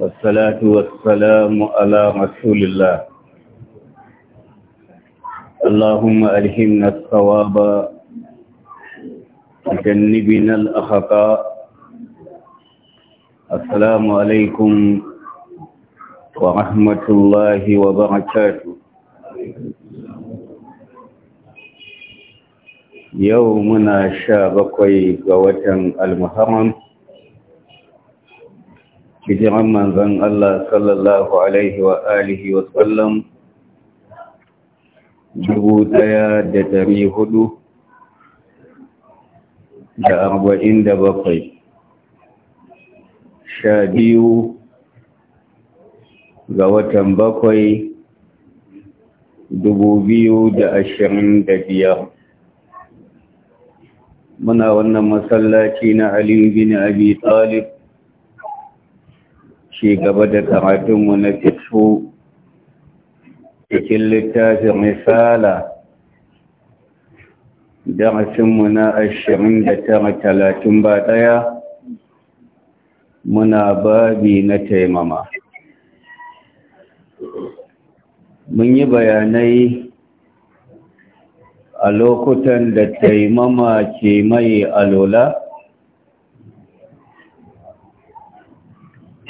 والصلاة والسلام على رسول الله اللهم ألهمنا الصواب وجنبنا الأخطاء السلام عليكم ورحمة الله وبركاته يومنا شابقي قوة المحرم hijiran manzan Allah sallallahu Alaihi wa alihi wa sallam dubu daya da dari hudu da arba'in da bakwai sha biyu ga watan bakwai dubu biyu da ashirin da biyar muna wannan masallaci na Ali bin Abi Talib ci gaba da karatunmu na fito cikin littafin misala darasinmu na ashirin da tara talatin ba ɗaya muna babi na taimama mun yi bayanai a lokutan da taimama ke mai alola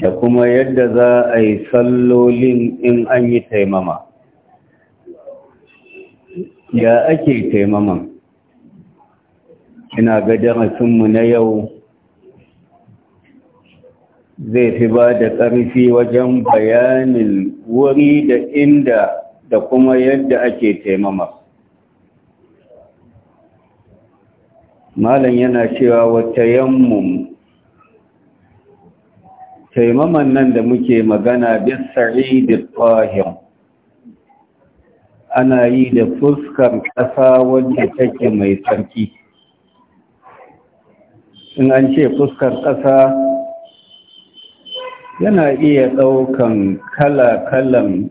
da kuma yadda za a yi sallolin in an yi taimama ya ake taimaman ina ga darasinmu na yau zai fi ba da ƙarfi wajen bayanin wuri da inda da kuma yadda ake taimama malam yana cewa wata yammun. taimaman nan da muke magana bisari da fahim ana yi da fuskar ƙasa wadda take mai sarki. in an ce fuskar ƙasa yana iya ɗaukan kala-kalan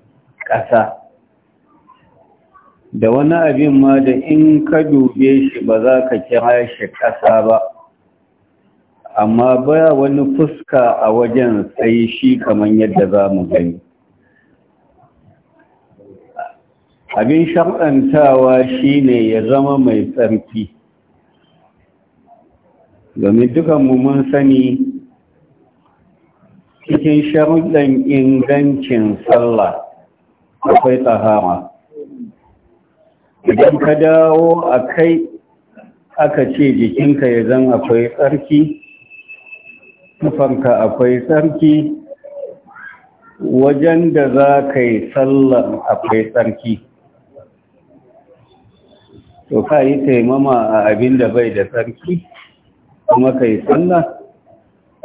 ƙasa da wani abin ma da in ka dube shi ba za ka kira shi ƙasa ba amma baya wani fuska a wajen sai shi kamar yadda za mu gani abin shi ne ya zama mai tsarki domin dukanmu mun sani cikin sharuɗan ingancin sallah akwai tsahara idan ka dawo a kai aka ce jikinka ya zan akwai tsarki tufanka akwai tsarki wajen da za ka yi sallar akwai tsarki to ka yi taimama a abin da bai da tsarki kuma ka yi sallar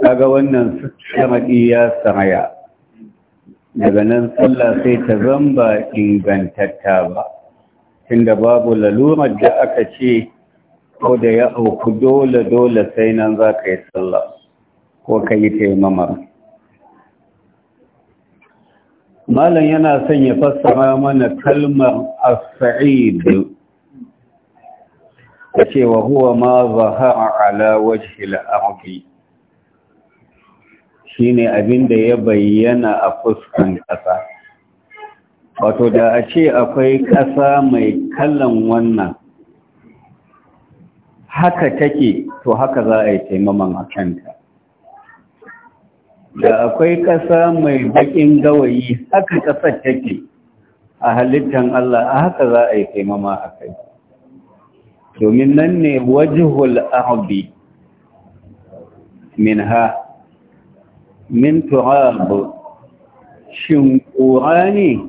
kaga wannan shamaɗi ya saraya daga nan sallah sai ta zamba ingantatta ba tunda babu lalurar da aka ce ko da ya auku dole dole sai nan za ka yi sallah ko ka yi taimamar malam yana son ya fassara mana kalmar as-sa'id ce wa huwa ma zahara ala wajhi al-ardi shine abinda ya bayyana a fuskan ƙasa. wato da a ce akwai ƙasa mai kallon wannan haka take to haka za a yi taimaman a kanta da akwai ƙasa mai baƙin gawayi haka ƙasar take a halittar Allah a haka za a yi taimama a kai domin nan ne wajihul arbi min ha min turab shin ƙura ne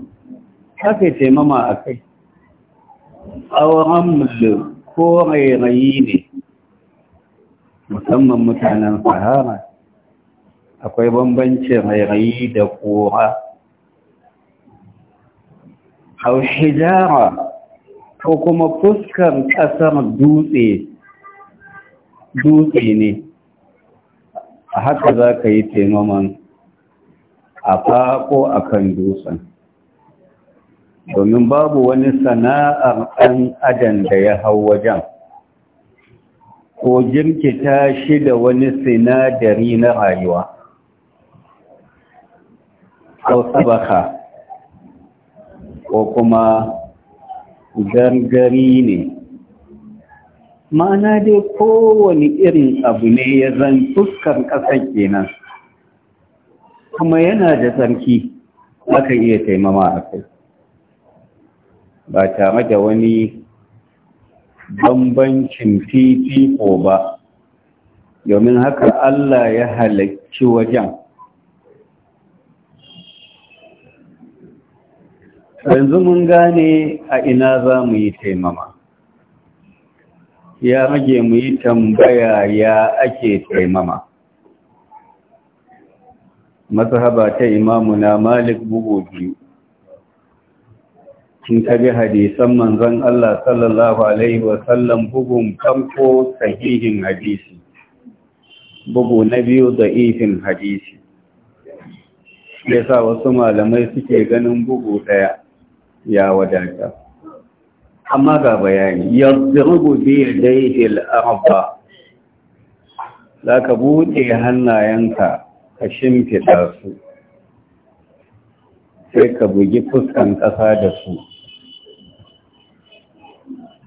haka taimama a kai auren ko rairayi ne musamman mutanen sahara akwai bambancin rairayi da Haushe jara ko kuma fuskar ƙasar dutse dutse ne a haka za ka yi taimaman a faɗo a kan dutsen domin babu wani sana'ar ɗan adam da ya hau wajen ko jirkita shi da wani sinadari na rayuwa ko sabaka ko kuma gargari ne ma'ana dai kowane irin abu ne ya zan fuskar ƙasar kenan kuma yana da sarki, aka iya taimama a kai ba tare da wani bambancin ko ba domin haka Allah ya halarci wajen yanzu mun gane a ina za mu yi taimama ya rage mu yi tambaya ya ake taimama mazhaba ta Imamu na malik bugu biyu in ka hadisan manzan Allah sallallahu alaihi wasallam bugun kamko sahihin hadisi bugu na biyu da ifin hadisi yasa wasu malamai suke ganin bugu ɗaya. ya wadata amma ga bayani yanzu bi yadayhi al-arba ka buɗe hannayenka ka shimfiɗa su sai ka bugi fuskan ƙasa da su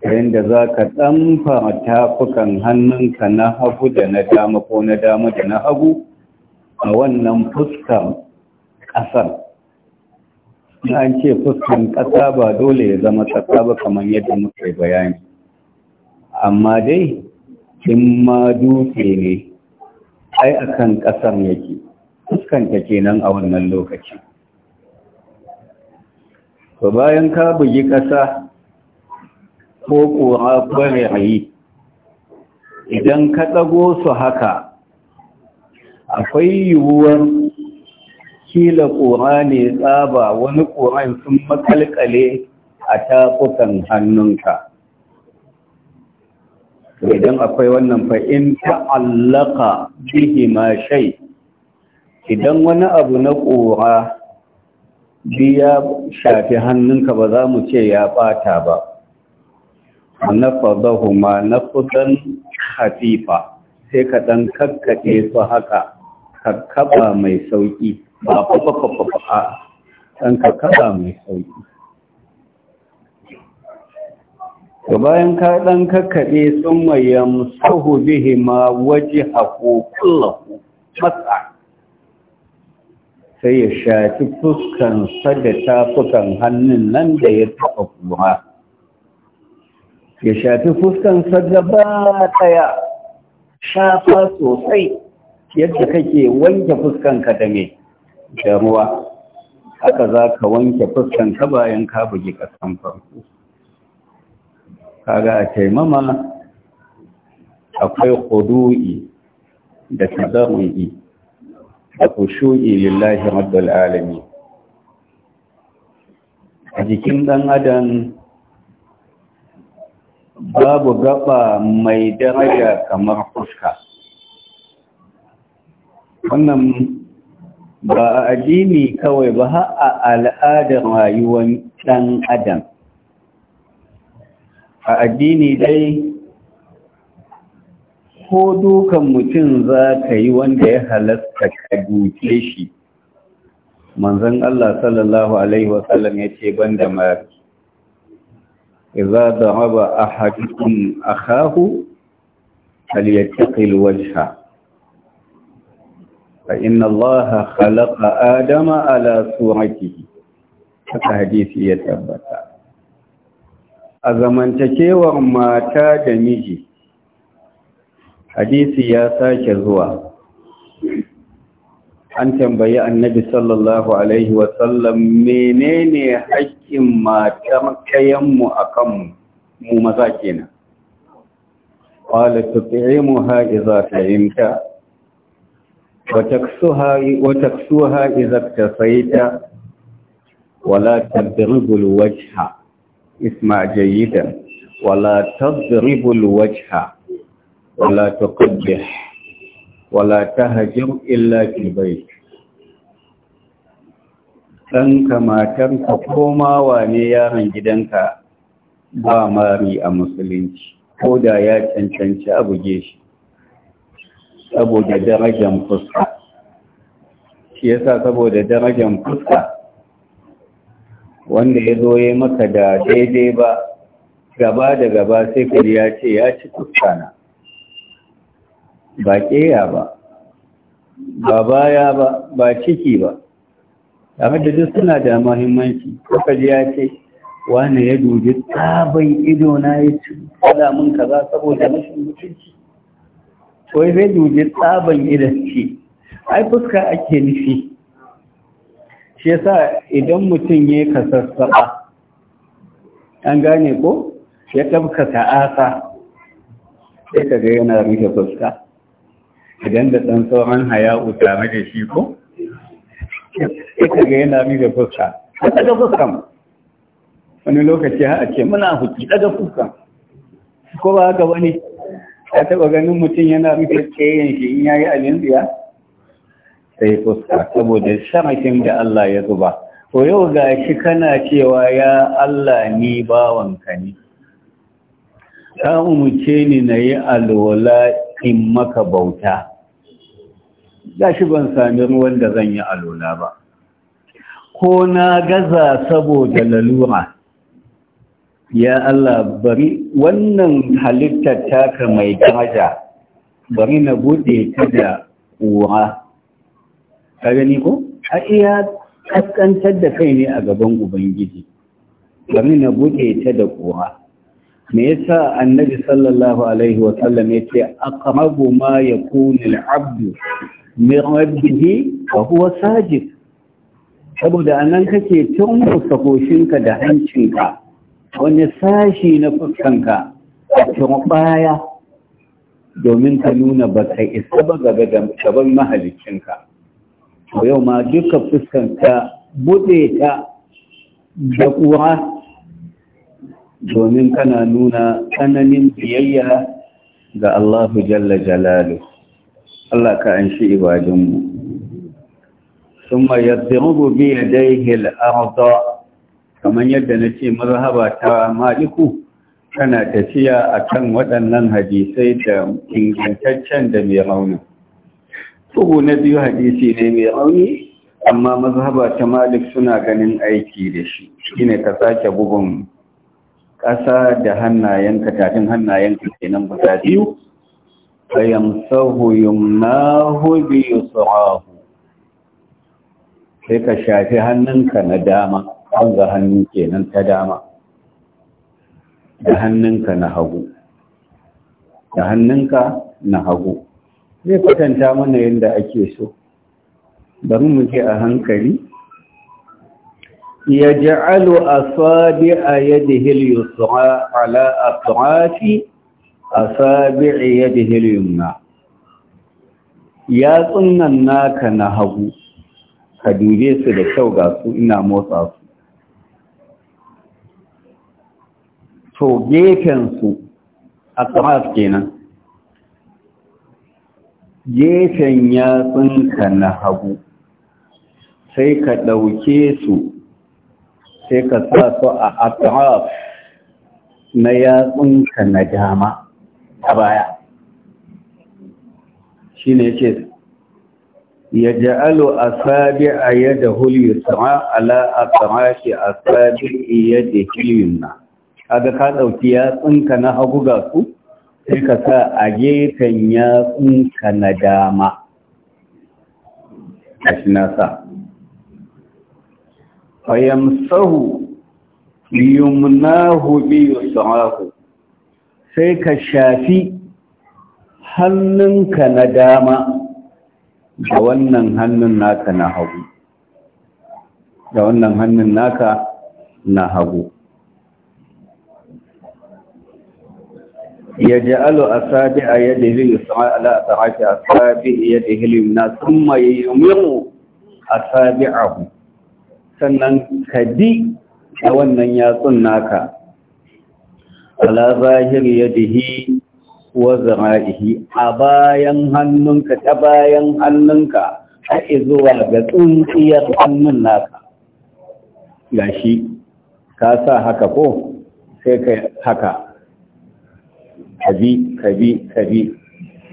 yadda za ka ɗamfa tafukan hannunka na hagu da na dama ko na dama da na hagu a wannan fuskan ƙasar in an ce fuskan ƙasa ba dole ya zama ƙasa ba kamar yadda muka yi bayani amma dai in ma dutse ne ai akan ƙasar yake fuskanta kenan a wannan lokaci Ba bayan ka bugi ƙasa ko ƙura yi, idan ka ɗago su haka akwai yiwuwar kila ƙura ne tsaba wani ƙuran sun makalkale a tafukan hannunka idan akwai wannan fa'in ta'allaka bihi ma shai idan wani abu na ƙura ya shafi hannunka ba za mu ce ya ɓata ba na ma na kusan hafifa sai ka ɗan kakkaɗe su haka kakkaɓa mai sauƙi ba fafafafafa ɗan kakara mai sauki to bayan ka ɗan kakkaɗe sun mayan sahu bihi ma waje haƙo kullahu matsa sai ya shafi fuskansa da tafukan hannun nan da ya taɓa kuma ya shafi fuskansa gaba ɗaya shafa sosai yadda kake wanke fuskanka da mai da ruwa haka za ka wanke fuskanka bayan ka bugi ƙasan farko kaga a taimama akwai hudu'i da tadarru'i da kushu'i lillahi rabbul alamin a jikin ɗan adam babu gaba mai daraja kamar fuska wannan ba a addini kawai ba har a al'adar rayuwar ɗan adam a addini dai ko dukan mutum za ka yi wanda ya halasta ka duke shi manzon Allah sallallahu alaihi wasallam ya ce banda mari idza daraba ahadukum akhahu falyattaqil wajha فإن الله Adama آدم على صورته haka hadisi ya tabbata a zamantakewar mata da miji hadisi ya sake zuwa an tambayi annabi sallallahu alaihi wasallam menene haƙƙin matar kayanmu a kanmu mu maza kenan qala tuti'imuha idza ta'imta وتكسوها إذا اكتفيت ولا تضرب الوجه اسمع جيدا ولا تضرب الوجه ولا تقبح ولا تهجر إلا في البيت ɗanka matarka ko ma wane yaron gidanka ba mari a musulunci ko da ya cancanci a shi saboda darajar fuska shi yasa saboda darajar fuska wanda ya zo ya maka da daidai ba gaba da gaba sai kari ya ce ya ci na ba ƙeya ba ba baya ba ba ciki ba tare da duk suna da mahimmanci kuka ji ya ce wane ya dubi tsabon ido na ya ci kada mun kaza saboda mashin mutunci wai zai duje tsaban idan ce ai fuska ake nufi shi yasa idan mutum ya yi kasassaba an gane ko ya tabka ta'asa sai ka ga yana rufe fuska idan da ɗan sauran haya uta da shi ko sai ka ga yana rufe fuska ka ɗaga fuskan wani lokaci ha a ce muna huki ɗaga fuskan ko ba haka wani Ya taɓa ganin mutum yana rufe tsayen shi in ya yi abin sai fuska saboda shamakin da Allah ya zuba to yau ga shi kana cewa ya Allah ni bawanka ne ka umuce ni na yi alwala in maka bauta ga shi ban sami ruwan da zan yi alwala ba ko na gaza saboda lalura ya Allah bari wannan halittar taka mai daraja bari na bude ta da ƙura ka gani ko a iya kaskantar da kai ne a gaban ubangiji bari na bude ta da ƙura me yasa annabi sallallahu alaihi wa sallam yace aqrabu ma yakunu al-abdu min rabbihi wa huwa sajid saboda anan kake tun musakoshinka da hancinka wani sashi na fuskanka a cikin baya domin ka nuna ba ka isa ba gaba da gaban mahalicinka to yau ma duka fuskanka buɗe ta da kuwa domin kana nuna tsananin biyayya ga Allahu jalla jalalu Allah ka an shi da rubu يضرب بيديه الأرض kamar yadda na ce mazhaba ta maliku tana tafiya a kan waɗannan hadisai da ingantaccen da mai rauni tugu na biyu hadisi ne mai rauni amma mazhaba ta malik suna ganin aiki da shi shine ka sake bugun ƙasa da hannayenka tafin hannayenka kenan guda biyu sahu yumnahu bi sahahu sai ka shafi hannunka na dama ga hannu kenan ta dama da hannunka na hagu da hannunka na hagu zai kwatanta mana yadda ake so bari mu je a hankali ya ja'alu asabi a yadda hiliyusra ala a asabi a yadda hiliyumna ya tsunan naka na hagu ka dube su da kyau ga su ina motsa su to gefensu a tsaraf kenan gefen yatsunka na hagu sai ka ɗauke su sai ka sa su a atraf na yatsunka na dama a baya shi ne ce ya ja'alu a sabi a yadda hulisama ala a shi a sabi iya da na kaga ka ɗauki yatsunka na hagu ga su sai ka sa a gefen yatsunka na dama a shi nasa fayamsahu yumnahu biyu sa'ahu sai ka shafi hannunka na dama da wannan hannun naka na hagu da wannan hannun naka na hagu يجعل أصابع يده اليسرى على أطراف أصابع يده اليمنى ثم a أصابعه sannan ka bi a wannan yatsun naka ala zahir yadihi wa zara'ihi a bayan hannunka ta bayan hannunka har zuwa ga tsuntsiyar hannun naka gashi ka sa haka ko sai ka haka kabi kabi kabi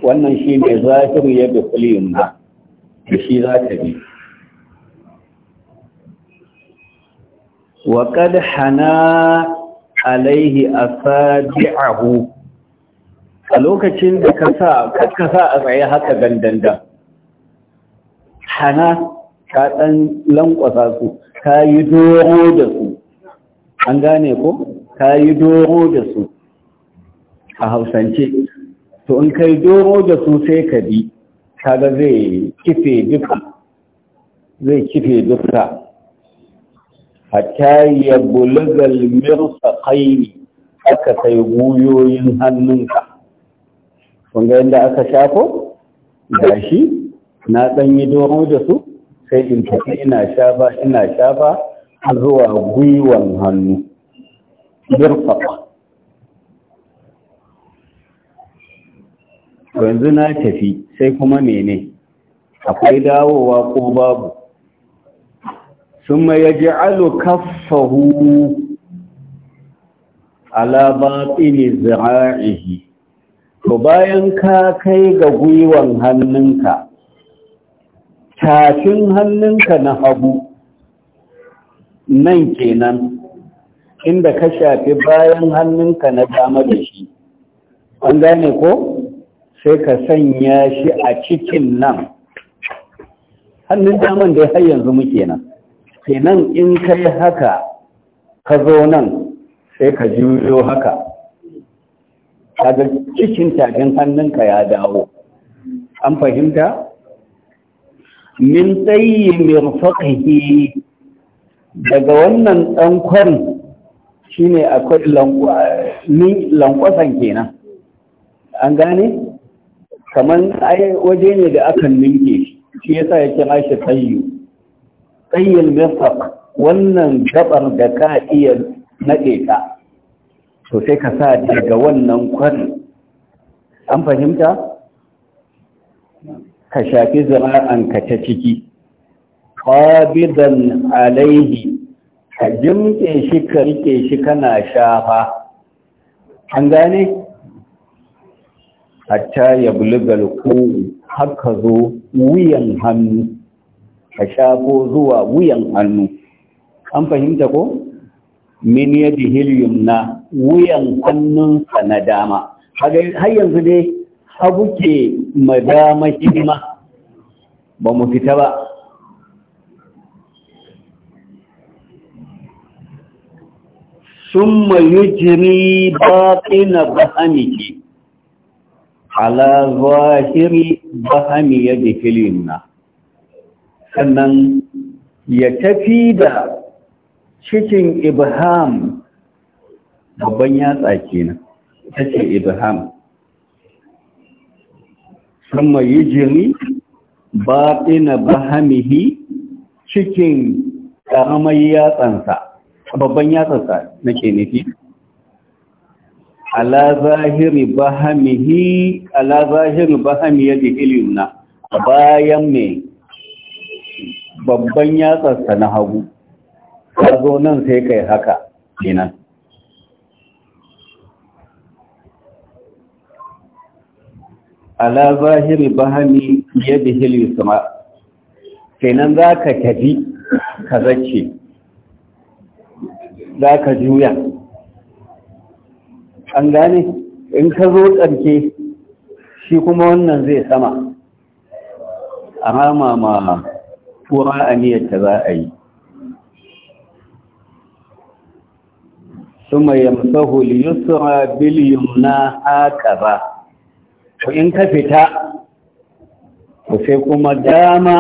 wannan shi ne zahiru ya bi kuliyin ba da shi za ta bi waƙad hana alaihi a sadi'ahu a lokacin da ka sa a tsaye haka gandanda hana ka ɗan lankwasa su ka yi doro da su an gane ko ka yi doro da su a hausance to in kai doro da su sai ka bi kada zai kife duka zai kife duka hatta ya bulugal kaini aka kai guyoyin hannunka kun ga inda aka shafo gashi na dan yi doro da su sai in tafi ina shafa ina shafa zuwa gwiwan hannu yanzu na tafi sai kuma mene akwai dawowa ko babu sun mai ya ji kafahu alabatsini zira'ihi to bayan ka kai ga gwiwan hannunka tafin hannunka na hagu nan kenan inda ka shafi bayan hannunka na dama da shi an gane ko? sai ka sanya shi a cikin nan hannun daman da har yanzu muke nan kenan in kai yi haka ka zo nan sai ka juyo haka kaga cikin hannun hannunka ya dawo an fahimta min tsayi mirfaƙi daga wannan ɗankon shi ne akwai lankwasan kenan an gane kaman ai waje ne da aka ninke shi shi yasa ya kira shi tsayu. Tsayin wannan gabar da ka iya nade ka to sai ka sa daga wannan kwari an fahimta ka shafi zama ka ta ciki qabidan alaihi ka jimke shi ka rike shi kana shafa an gane hatta ya bulugal kowu haka zo wuyan hannu ka shafo zuwa wuyan hannu an fahimta ko min yadi na wuyan hannunsa na dama har yanzu dai hagu ke madama hidima ba mu fita ba summa yujri na bahamiki ala zahiri bahami ya na sannan ya tafi da cikin ibham babban yatsa kenan ta ce ibham sama yi jiri baɗina bahamihi cikin ƙaramar yatsansa babban yatsansa ke nufi ala zahiri bahamihi ala zahiri bahami yadi ilimna bayan me babban yatsarsa na hagu ka zo nan sai kai haka kenan ala zahiri bahami yadi ilimna kenan za ka tafi ka zace za ka juya an gane in ka zo tsarki shi kuma wannan zai sama a rama ma tura aniyar ta za a yi ثم na haka ba هكذا in ka fita sai kuma dama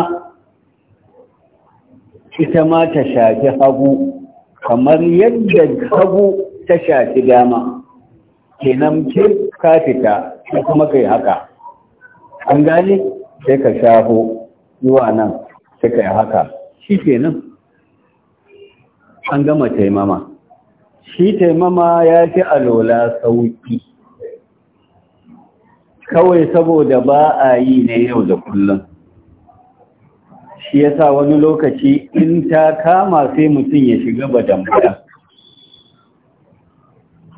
ita ma ta shafi hagu kamar yadda hagu ta shafi dama kenan ke ka fita sai kuma kai haka an gane sai ka shafo zuwa nan sai kai haka shi kenan an gama taimama shi taimama ya fi alola sauki kawai saboda ba a yi ne yau da kullum shi yasa wani lokaci in ta kama sai mutum ya shiga badan badan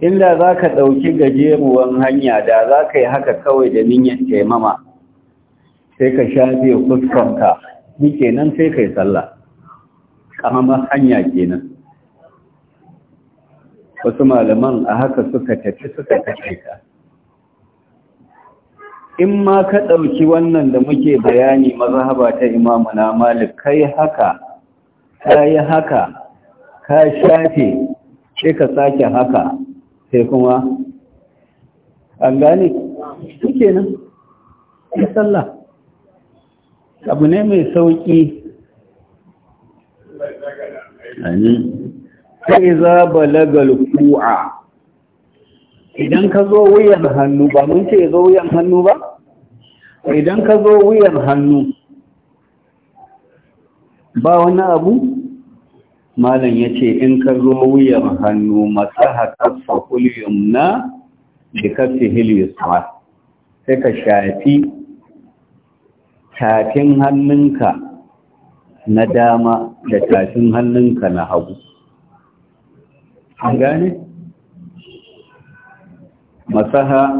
inda za ka ɗauki gajeruwan hanya da za ka yi haka kawai da niyyar taimama sai ka shafe fuskanka ni nan sai ka yi sallah ƙamamar hanya kenan wasu malaman a haka suka tafi suka tafi ka in ma ka ɗauki wannan da muke bayani haba ta imamu na malik kai haka ka yi haka ka shafe sai ka sake haka sai kuma an gane suke nan ya sallah abu ne mai sauƙi sai za ba lagal ku'a idan ka zo wuyan hannu ba mun ce zo wuyan hannu ba idan ka zo wuyan hannu ba wani abu malam ya ce in ka zo wuyan hannu masaha kafa kuliyum na da kafi hiliyuswa sai ka shafi tafin hannunka na dama da tafin hannunka na hagu an gane? masaha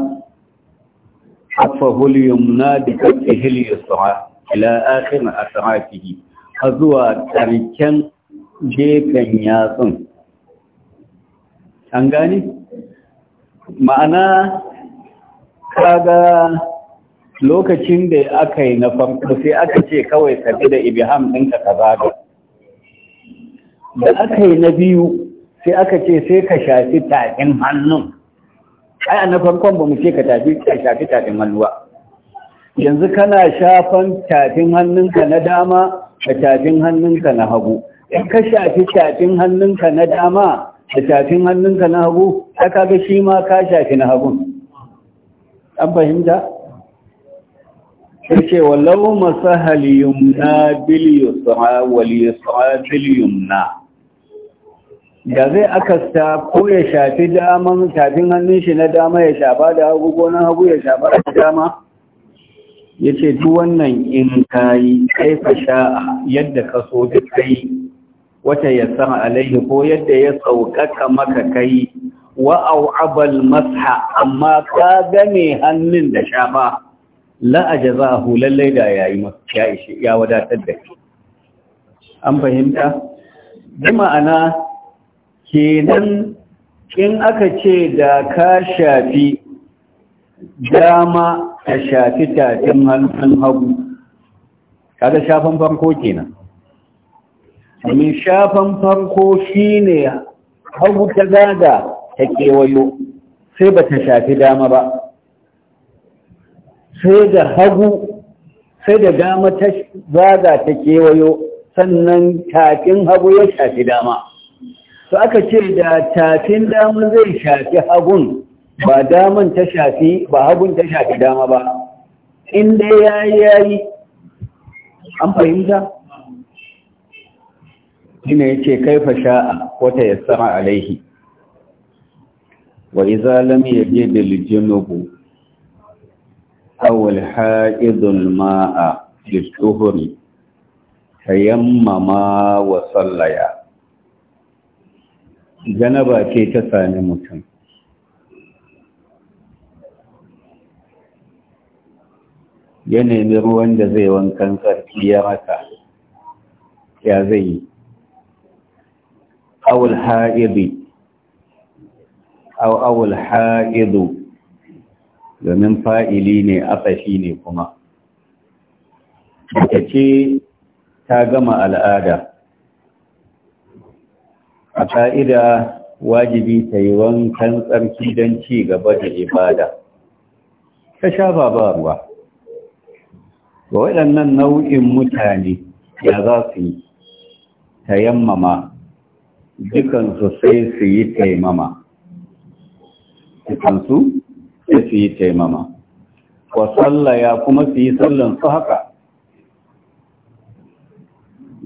kafa huliyum na da kafi hiliyuswa ila akin a sarafihi har zuwa ƙarken gefen yatsun an gani ma'ana kaga lokacin da aka yi na farko sai aka ce kawai ka da ibiham ɗinka ka zaga da aka yi na biyu sai aka ce sai ka shafi tafin hannun Ai a na farkon ba mu ce ka tafi ka shafi tafin hannuwa yanzu kana shafan tafin hannunka na dama da tafin hannunka na hagu in ka shafi shafin hannunka na dama da shafin hannunka na hagu ta kaga shi ma ka shafi na hagun an fahimta? ce wallahu haliyun na bil yusra wal yusra biliyun na da zai aka sa ko ya shafi daman shafin hannun shi na dama ya shafa da hagu ko na hagu ya shafa da dama ya ce tuwon nan in kayi kai fasha yadda ka so duk kai wata yassara alaihi ko yadda ya saukaka maka kai wa abal masha amma ka gane hannun da shafa la ajzahu lallai da yayi ya ishe ya wadatar da shi an fahimta da ma'ana kenan in aka ce da ka shafi dama ka shafi tafin hannun hagu kaga shafan farko kenan domin shafan farko shi ne hagu ta gaga ta kewayo sai ba ta shafi dama ba sai da hagu sai da dama ta gaga ta kewayo sannan tafin hagu ya shafi dama su aka ce da tafin dama zai shafi hagun ba daman ta shafi ba hagun ta shafi dama ba inda ya yi an fahimta shine yace kaifa sha'a wa tayassara alaihi wa idza lam yajid al-junubu aw al-ha'id al-ma'a lil tayammama wa sallaya janaba ce ta sami mutum ya nemi ruwan da zai wankan tsarki ya raka ya zai yi أو الحائض أو domin fa'ili ne afashi ne kuma. Mace ce ta gama al'ada, a ƙa'ida wajibi ta yi wankan tsarki don ci gaba da ibada, ta sha ba ruwa. Ga waɗannan nau'in mutane ya za su yi, ta yammama dukansu sai su yi taimama dukansu sai su yi taimama wa sallaya kuma su yi sallan su haka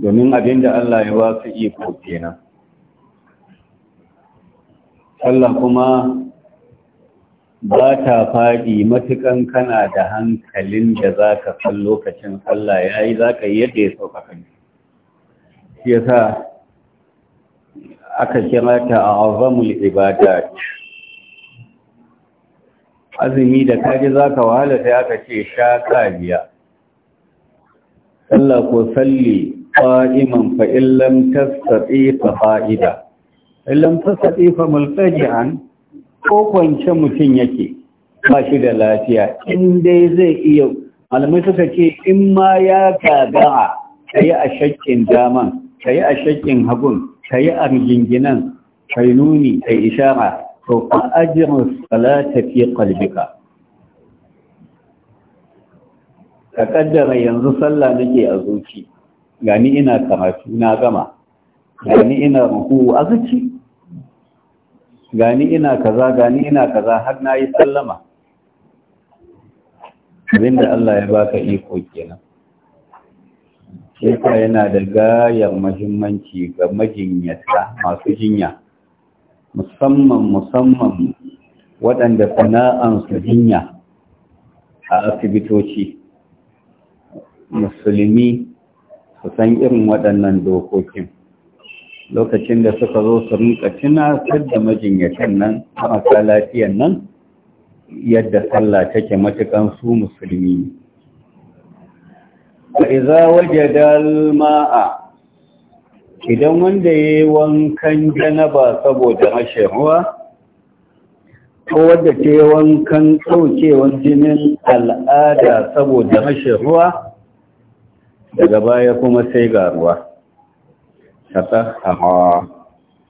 domin abin da Allah ya su iko kenan sallah kuma ba ta faɗi matukan kana da hankalin da za ka san lokacin Allah ya yi za ka yi yadda ya sauƙaƙa ne. Shi ya sa aka kirata mata a azamul ibadat azumi da kaji za ka wahala sai aka ce sha kajiya sallah ko salli fa'iman fa'in lam tasaɗi fa fa'ida lam tasaɗi fa mulkaji'an ko kwance mutum yake ba shi da lafiya in dai zai iya malamai suka ce in ma ya gaga'a ka yi a shakkin daman ka yi a shakkin hagun ka yi arjinginan kai nuni kai ishara to fa ajru salata fi qalbika ka kaddara yanzu sallah nake a zuci gani ina karatu na gama gani ina ruku a zuci gani ina kaza gani ina kaza har nayi sallama abinda Allah ya baka iko kenan shekwa yana da gayar mahimmanci ga majinyata masu jinya musamman musamman waɗanda sana'ansu jinya a asibitoci musulmi su san irin waɗannan dokokin lokacin da suka zo su rinka tunatar da majinyatan nan marasa lafiyan nan yadda sallah take matukan su musulmi fa iza wajada idan wanda yayi wankan janaba saboda rashin ruwa ko wanda ke wankan daukewar jinin al'ada saboda rashin ruwa daga baya kuma sai ga ruwa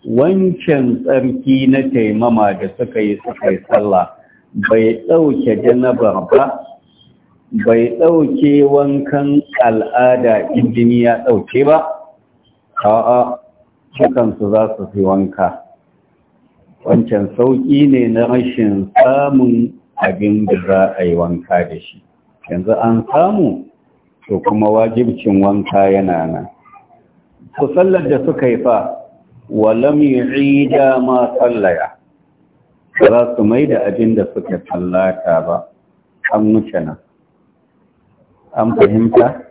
wancan tsarki na taimama da suka yi suka yi sallah bai ɗauke janabar ba bai ɗauke wankan al'ada in ya ɗauke ba a'a cikansu za su fi wanka wancan sauƙi ne na rashin samun abin da za a yi wanka da shi yanzu an samu to kuma wajibcin wanka yana nan ku sallar da suka yi fa walam yu'ida ma sallaya za su mai da abin da suka tallata ba an wuce nan an fahimta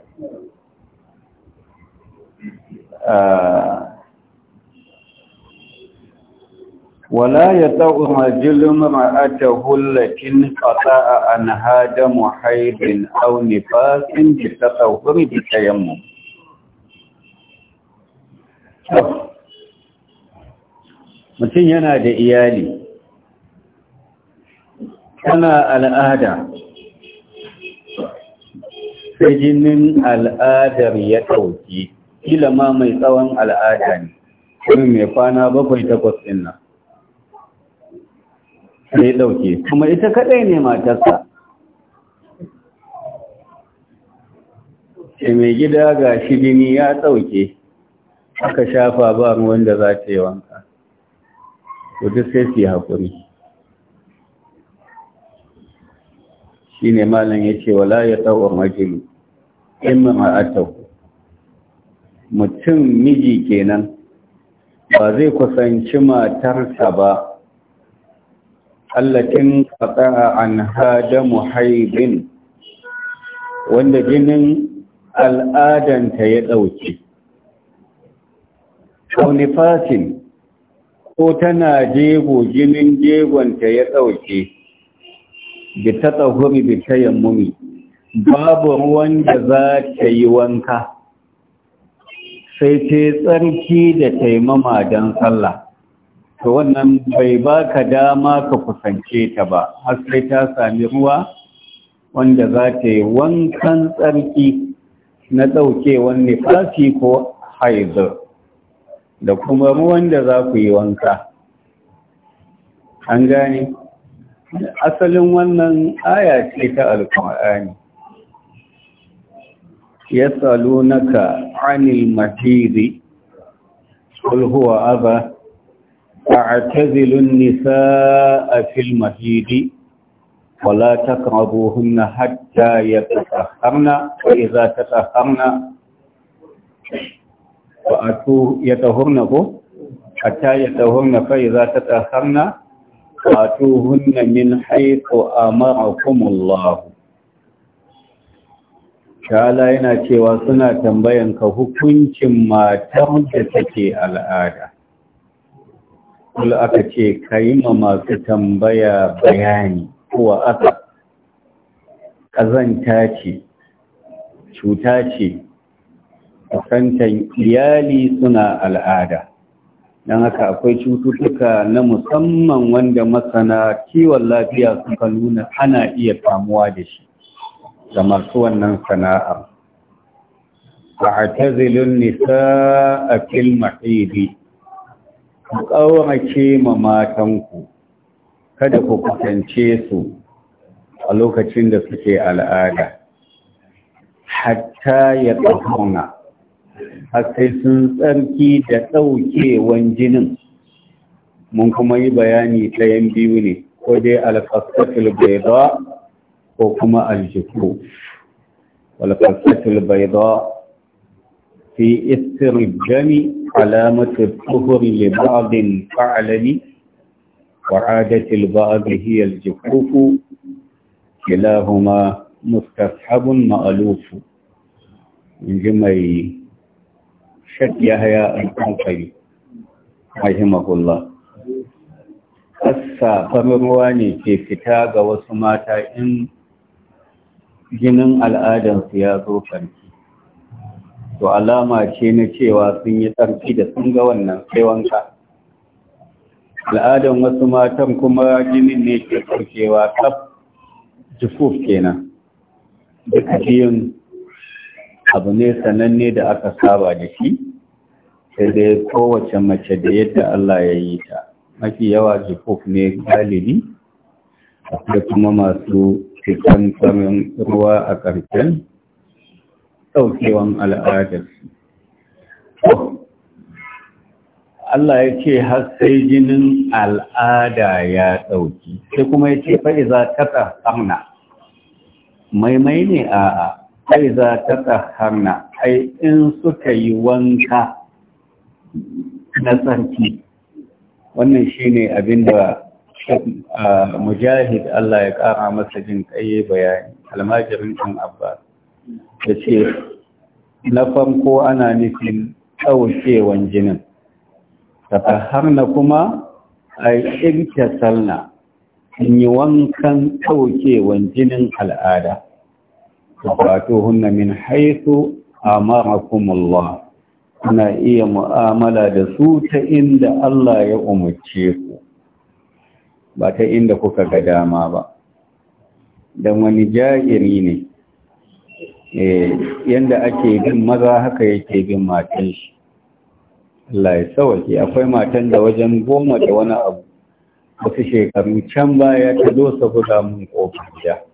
ولا يطع رجل امرأته التي قطع أن دم حيض أو نفاس بتطور بتيمم mutum yana da iyali tana al'ada sai jinin al'adar ya ɗauki kila ma mai tsawon al'ada ne kuma mai kwana bakwai takwas ɗin nan sai ɗauke kuma ita kaɗai ne matarsa ke mai gida ga shi ya ɗauke aka shafa ba wanda za ta yi wanka to duk sai su yi haƙuri shi ne malin ya ce wala ya tsawar majini in ma'atau mutum miji kenan ba zai kusanci matarsa ba allatin qata'a an da muhaibin wanda jinin al'adanta ya ɗauki fatin ko tana jego jinin jegonta ya ɗauki bi ta tsahuri bi ta yammumi babu ruwan da za ta yi wanka sai ce tsarki da taimama don sallah to wannan bai ba ka dama ka kusance ta ba har sai ta sami ruwa wanda za ta yi wankan tsarki na ɗaukewar nifasi ko Haizu, da kuma ruwan da za ku yi wanka an gane asalin wannan aya ce ta alkur'ani ya tsalo naka anil mahiri ƙulhuwa aba a tazilun nisa fil mahiri wala ta ta tsaka hamna ba a ya ta hurna ko? ta hurna ƙwai a tu hunna min haiku a mara kumullahu shala yana cewa suna tambayan ka hukuncin matan da take al'ada kula aka ce ka yi ma masu tambaya bayani kuwa aka ƙazanta ce cuta ce kusantan iyali suna al'ada don haka akwai cututtuka na musamman wanda masana kiwon lafiya suka nuna ana iya kamuwa da shi Da masu wannan sana'ar wa zilin nisa a mahidi ku kaurace ma matanku kada ku kusance su a lokacin da suke al'ada hatta ya tsakona har sun tsarki da ɗaukewan jinin mun kuma yi bayani ɗayan biyu ne ko dai alƙasatul bai ba ko kuma aljiku walfasatul bayda fi istiri jami alamatu tuhuri li ba'din fa'alani wa adatil ba'd hiya aljiku kilahuma mustashabun ma'aluf inji mai shak yahya al-kankari rahimahullah kassa famin ruwa ne ke fita ga wasu mata in jinin al'adansu ya zo karki to alama ce na cewa sun yi tsarki da sun ga wannan sai wanka al'adar wasu matan kuma jinin ne ke karkewa kaf jufuf kenan duka biyun abu ne sananne da aka saba da shi sai dai kowace mace da yadda Allah ya yi ta mafi yawa jufuf ne galibi da kuma masu cikin saman ruwa a ƙarshen ɗaukewan al'adarsu. Allah ya ce har sai jinin al'ada ya ɗauki, sai kuma ya ce fa'iza ta tsaharna, maimai ne a fa'iza ta tsaharna, ai in suka yi wanka na tsarki, wannan shi ne abin da mujahid Allah ya ƙara masa jin ƙaye bayani almajirin ɗan abbas da ce na farko ana nufin ɗaukewan jinin daga har na kuma a ƙirƙe salna yi wankan ɗaukewan jinin al'ada wato hunna min haisu a marakumullah ana iya mu'amala da su ta inda Allah ya umarce ku ba ta inda kuka ga dama ba don wani ja'iri ne eh, yadda ake bin maza haka yake bin matan shi Allah ya sauke akwai matan da wajen goma da wani abu wasu shekaru can baya ta dosa buga mun kofar gida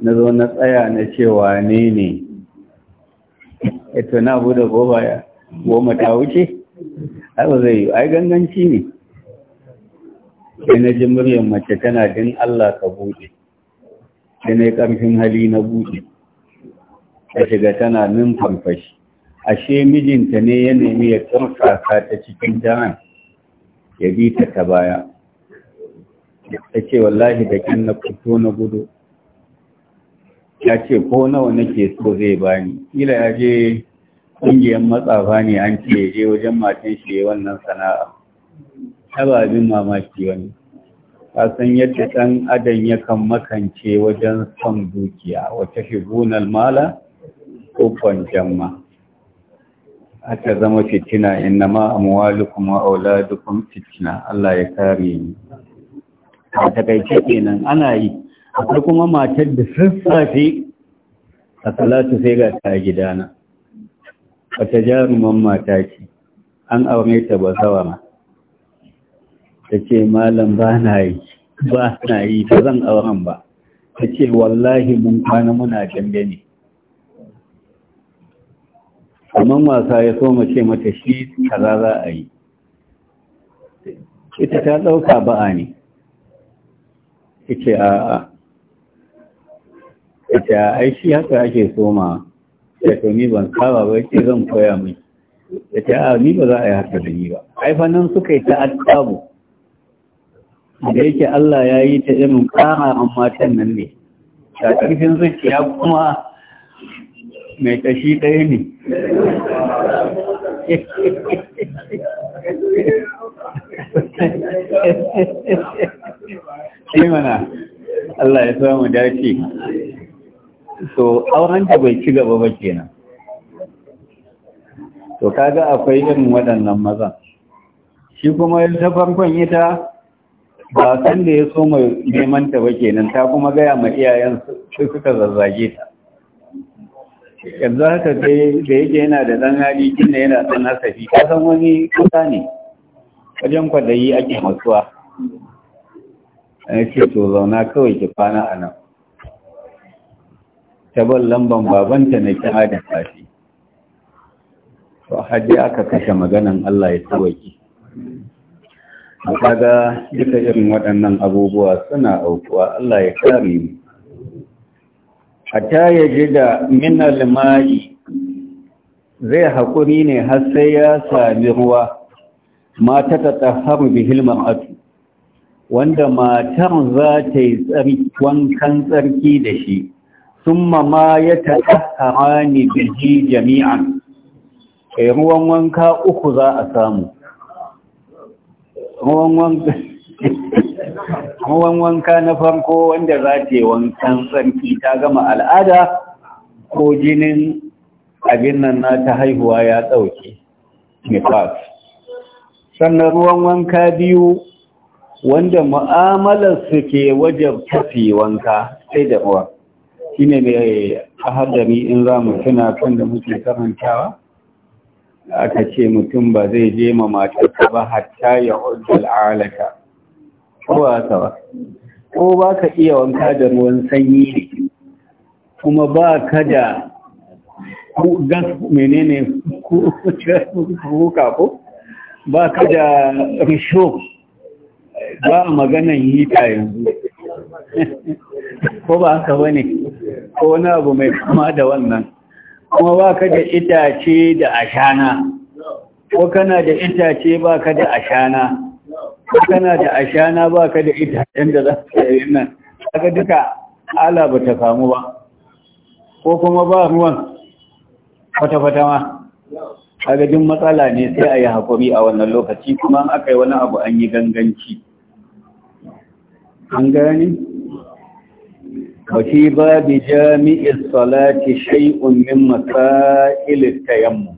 na zo na tsaya na cewa ne ne eh, ita na buɗe goma ta wuce ai ba zai yi ai ganganci ne sai na ji muryar mace tana din Allah ka buɗe sai na yi ƙarfin hali na buɗe ta shiga tana min farfashi ashe mijinta ne ya nemi ya ƙarfafa ta cikin daren ya bi ta ta baya ta ce wallahi da kin na fito na gudu ya ce ko nawa nake so zai bani kila ya je ƙungiyar matsafa ne an ce ya je wajen matan shi wannan sana'a taba abin mamaki wani san yadda ɗan adam yakan makance wajen son dukiya wata shigunar mala ƙofan A aka zama fitina innama amwalukum wa auladukum fitina Allah ya kare ni a takaice kenan ana yi akwai kuma matar da sassafe a salatu sai ga ta gidana wata jaruman mata ce an aure ta ba ma ta ce malam ba na yi ba na yi ta zan auren ba ta ce wallahi mun kwana muna jambe ne kamar wasa ya so mace mata shi kaza za a yi ita ta ɗauka ba'a ne ita a'a ita shi haka ake ma. ya to ni ban saba ba ce zan koya mai ita a ni ba za a yi haka da ni ba ai fa nan suka yi ta attabu da yake Allah ya yi ta irin amma matan nan ne ta ƙarfin zuciya kuma mai ƙashi ɗaya ne shi mana Allah ya samu dace so aurenta bai ci gaba ba kenan to kaga akwai irin waɗannan mazan shi kuma ta farkon ita ba san da ya so mai neman ta ba kenan ta kuma gaya ma iyayen su suka zazzage ta yanzu haka da yake yana da dan hali kinna yana dan hasafi ka san wani kusa ne wajen kwadayi ake masuwa. an ce to zauna kawai ki kwana a nan ta ban lamban babanta na ki da fashi to hajji aka kashe maganan Allah ya tsawaki kaga duka irin waɗannan abubuwa suna aukuwa Allah ya kare mu hatta ya ji da min mai zai haƙuri ne har sai ya sami ruwa mata ta tsaharu bi hilmar atu wanda matar za ta yi wankan tsarki da shi summa mama ya taɗa ni jami'a. jami'an ruwan wanka uku za a samu ruwan wanka na farko wanda za ta yi wankan tsarki ta gama al'ada ko jinin abin nan na ta haihuwa ya ɗauke nifas sannan ruwan wanka biyu wanda su ke wajen tafi wanka sai da ruwa, shi ne mai ahadari in za mu tuna kan da muke karantawa aka ce mutum ba zai je ma matarsa ba hatta ya ujjal alaka ko ba ka ba ko ba ka iya wanka da ruwan sanyi ne kuma ba ka da gas menene kuka ko ba ka da risho ba a maganan hita yanzu ko ba haka ba ko wani abu mai kama da wannan kuma ba ka da itace da ashana ko kana da itace ba ka da ashana ko kana da ashana ba ka da itacen da za ka yi nan kaga duka ala ba ta kamu ba ko kuma ba ruwan fata-fata ma matsala ne sai a yi haƙuri a wannan lokaci kuma aka yi wani abu an yi ganganci an gani? وفي باب جامع الصلاة شيء من مسائل التيمم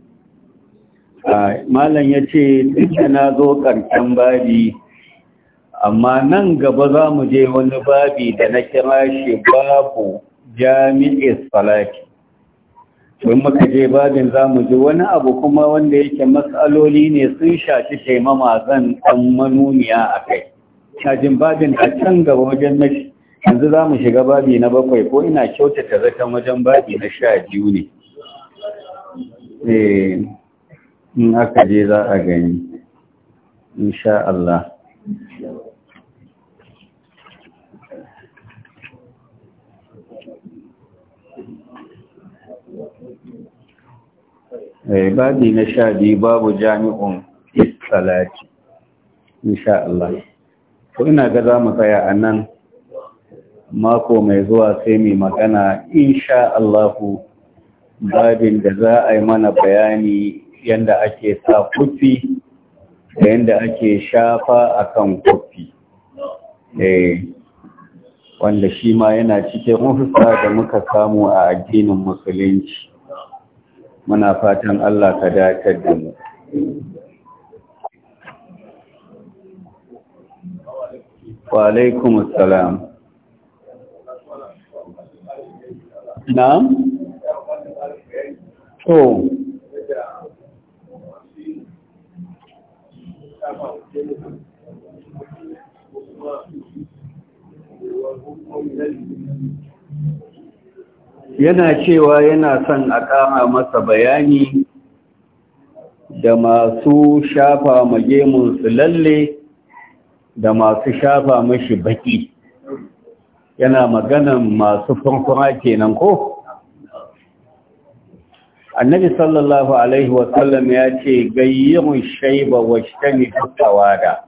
ما ya ce duka na zo بابي babi amma nan gaba za mu je wani babi da na kira shi babu tun muka je babin za mu ji wani abu kuma wanda yake matsaloli ne sun shafi taimama zan ɗan manuniya a kai cajin babin a can gaba wajen mashi yanzu za mu shiga babi na bakwai ko ina kyautata zaton wajen babi na sha biyu ne eh, in aka je za a gani insha Allah eh, babi na sha biyu babu jami'un salati insha Allah ko ina ga za mu tsaya a nan mako mai zuwa sai mai magana insha Allahu babin da za a yi mana bayani yadda ake sa kufi da yadda ake shafa akan kufi eh, wanda shi ma yana cikin rufusa da muka samu a addinin musulunci muna fatan Allah ka datar da mu wa salam na yana cewa yana son a kama masa bayani da masu shafa ma magemunsu lalle da masu shafa mashi baki yana maganan masu furfura kenan ko annabi sallallahu alaihi wasallam ya ce gayyirun shaiba washtani kawada?'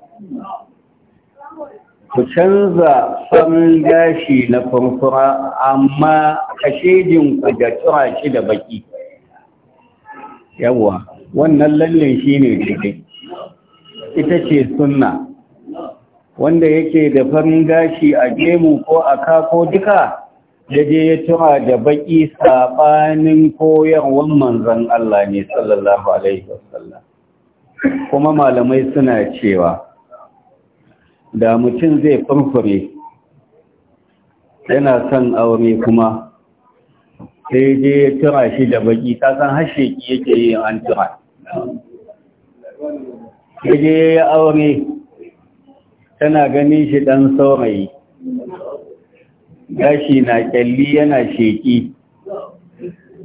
ku canza farin gashi na furfura, amma kashejin ku da tura shi da baki Yawwa, wannan lallin shine daidai ita ce sunna wanda yake da farin gashi a gemu ko a kako duka ya je ya tura da baki sabanin koyarwan manzon Allah ne sallallahu alaihi wasallam kuma malamai suna cewa da mutum zai furfure yana son aure kuma sai je ya tura shi da baki ta san hashe yake yin an tura sai je ya aure tana ganin shi ɗan saurayi gashi na kyalli yana sheki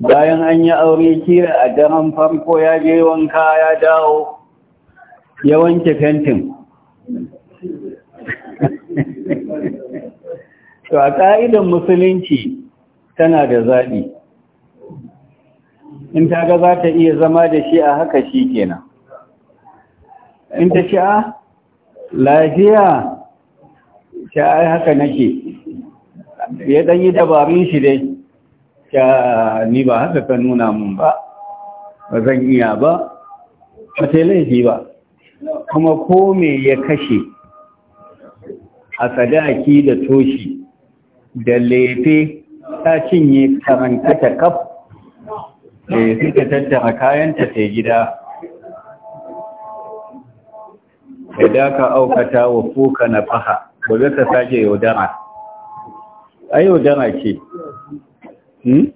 bayan an yi aure kira a daren farko ya je wanka ya dawo ya wanke fentin to a ƙa'idan musulunci tana da zaɓi in ta ga za ta iya zama da shi a haka shi kenan in ta a? Ah, lafiya ta ai haka nake ya dan yi dabarun shi dai ta ni ba haka ka nuna mun ba ba zan iya ba ba sai laifi ba kuma ko me ya kashe a sadaki da toshi da lefe ta cinye karanta eh, ta kaf da ya suka tattara kayanta ta gida da ka aukata wa fuka na faha gobe ka sake yaudara ai yaudara ce hmm?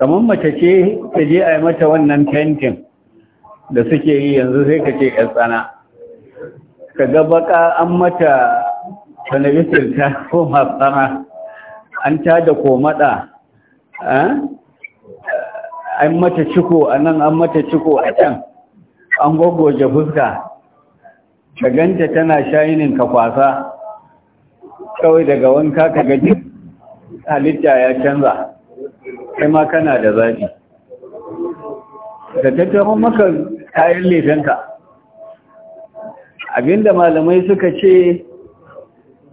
kamar mace ce ta je a yi mata wannan fentin da suke yi yanzu sai ka ce ‘yan tsana ka ga baka an mata sanabisir ta koma tsana an ta da komada an mata ciko a nan an mata ciko a can an gwaggwaje fuska ka ganta tana shayinin ka kwasa kawai daga wanka ka gaji halitta ya canza kai ma kana da zafi da tattara maka kayan lefenka abinda malamai suka ce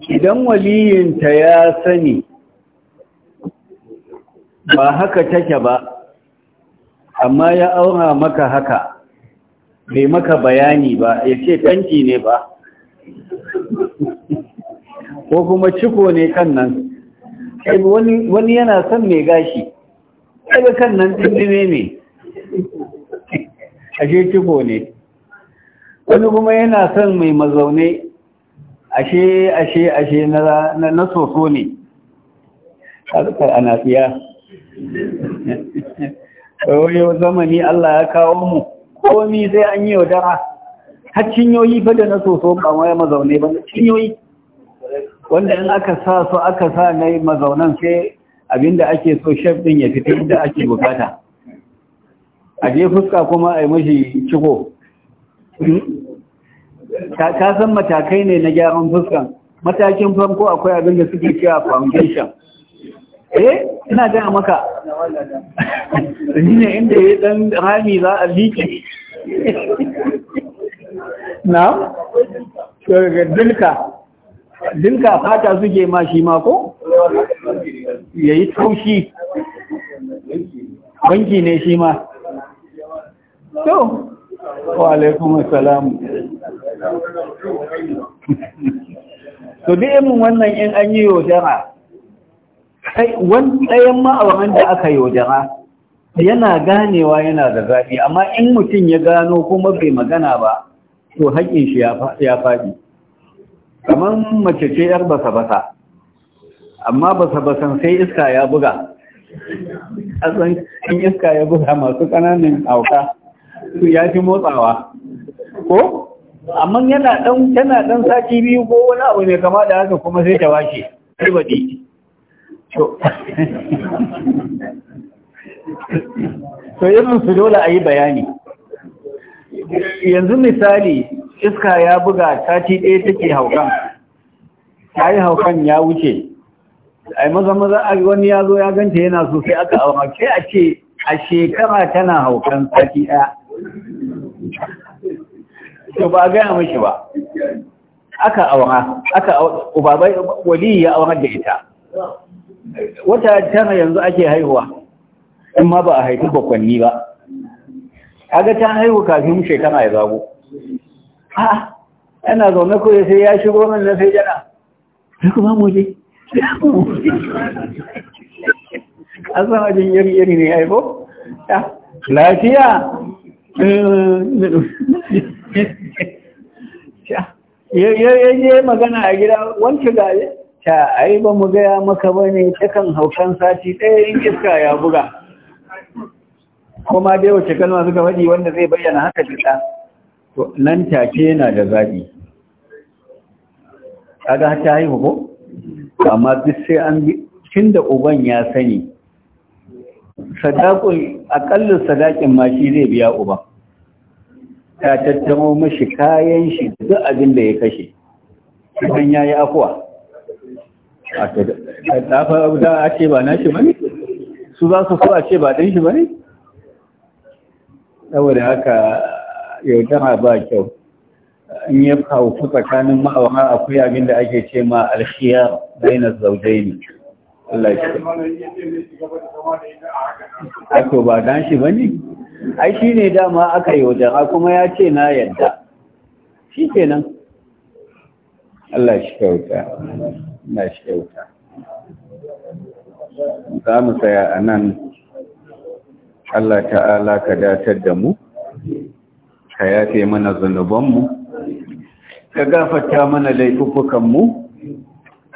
idan waliyinta ya sani ba haka take ba amma ya aura maka haka bai maka bayani ba ya ce kanti ne ba ko kuma ciko ne kan nan wani yana son mai gashi ɗaga kan nan ɗindime ne ashe ciko ne wani kuma yana son mai mazaune ashe ashe ashe na soso ne ƙarfar anafiya wani zamani Allah ya kawo mu komi sai an yi yaudara har cinyoyi fa na soso ba ma mazaune ba cinyoyi wanda in aka sa su aka sa na mazaunan sai abinda ake so shef din ya fita inda ake bukata a je fuska kuma a yi mashi ciko Ta san matakai ne na gyaran fuskan matakin farko akwai abinda suke cewa foundation eh ina gaya maka ni ne inda ya dan rami za a liƙe na dilka dilka fata suke ma shi mako ya yi taushi banki ne shi ma so wa alaikun salamu to da mun wannan in an yi yaudara wani ɗayan ma'auran da aka yi wajen yana ganewa yana da zafi amma in mutum ya gano kuma bai magana ba to haƙƙin shi ya faɗi kamar mace ce yar basa-basa amma basa-basan sai iska ya buga asan in iska ya buga masu ƙananan auka su ya fi motsawa ko amma yana ɗan sati biyu ko wani abu ne kama da haka kuma sai ta washe sai baɗi to irin su dole a yi bayani yanzu misali iska ya buga sati ɗaya take haukan ta yi haukan ya wuce a maza maza a wani ya zo ya ganta yana sosai aka auna sai a ce a shekara tana haukan sati ɗaya to ba a gaya mashi ba aka auna aka waliyi ya auna da ita wata tara yanzu ake haihuwa in ma ba a haifi bakwanni ba A ga ta haihu kafin shekara ya zago ha ana zaune kawai sai ya shigo min na sai jana sai kuma muje an san jin iri-iri ne haifo lafiya ya yi magana a gida wancan gari. ta ai ba mu gaya maka ba ne takan haukan sati ɗaya in iska ya buga kuma dai wace kalma suka faɗi wanda zai bayyana haka jika to nan take yana da zaɓi kaga ta haihu ko amma duk sai an bi tun da uban ya sani sadakun akallin sadakin ma shi zai biya uban ta tattamo mashi kayan shi duk abin da ya kashe idan ya yi afuwa a fa abu a ce ba na shi ba bane su za su so a ce ba ɗan shi ba bane saboda haka yaudara ba kyau in ya kawo tsakanin ma'aura akwai abin da ake ce ma alkhiyar baina zaujaini Allah ya Ako ba dan shi ba bane ai ne dama aka yaudara kuma ya ce na yadda Shi shikenan Allah shi kyauta Ina shi kyauta za mu tsaya a nan Allah ta'ala ka datar da mu ka yafe mana zunubanmu ka gafata mana laifukanmu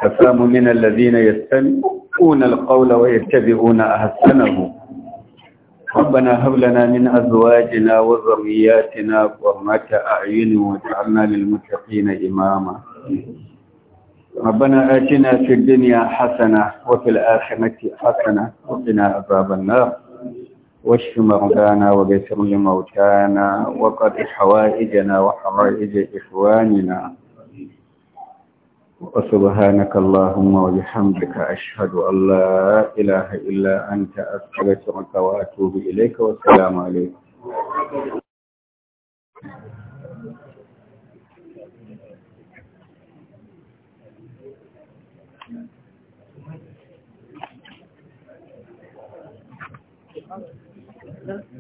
ka samu min allazina yastami'una alqawla wa yattabi'una ahsanahu ربنا هب لنا من ازواجنا وذرياتنا قرة اعين واجعلنا للمتقين اماما ربنا آتنا في الدنيا حسنة وفي الآخرة حسنة وقنا عذاب النار واشف مرضانا وبشر لموتانا وقد حوائجنا وحوائج إخواننا وسبحانك اللهم وبحمدك أشهد أن لا إله إلا أنت أستغفرك وأتوب إليك والسلام عليكم Thank you.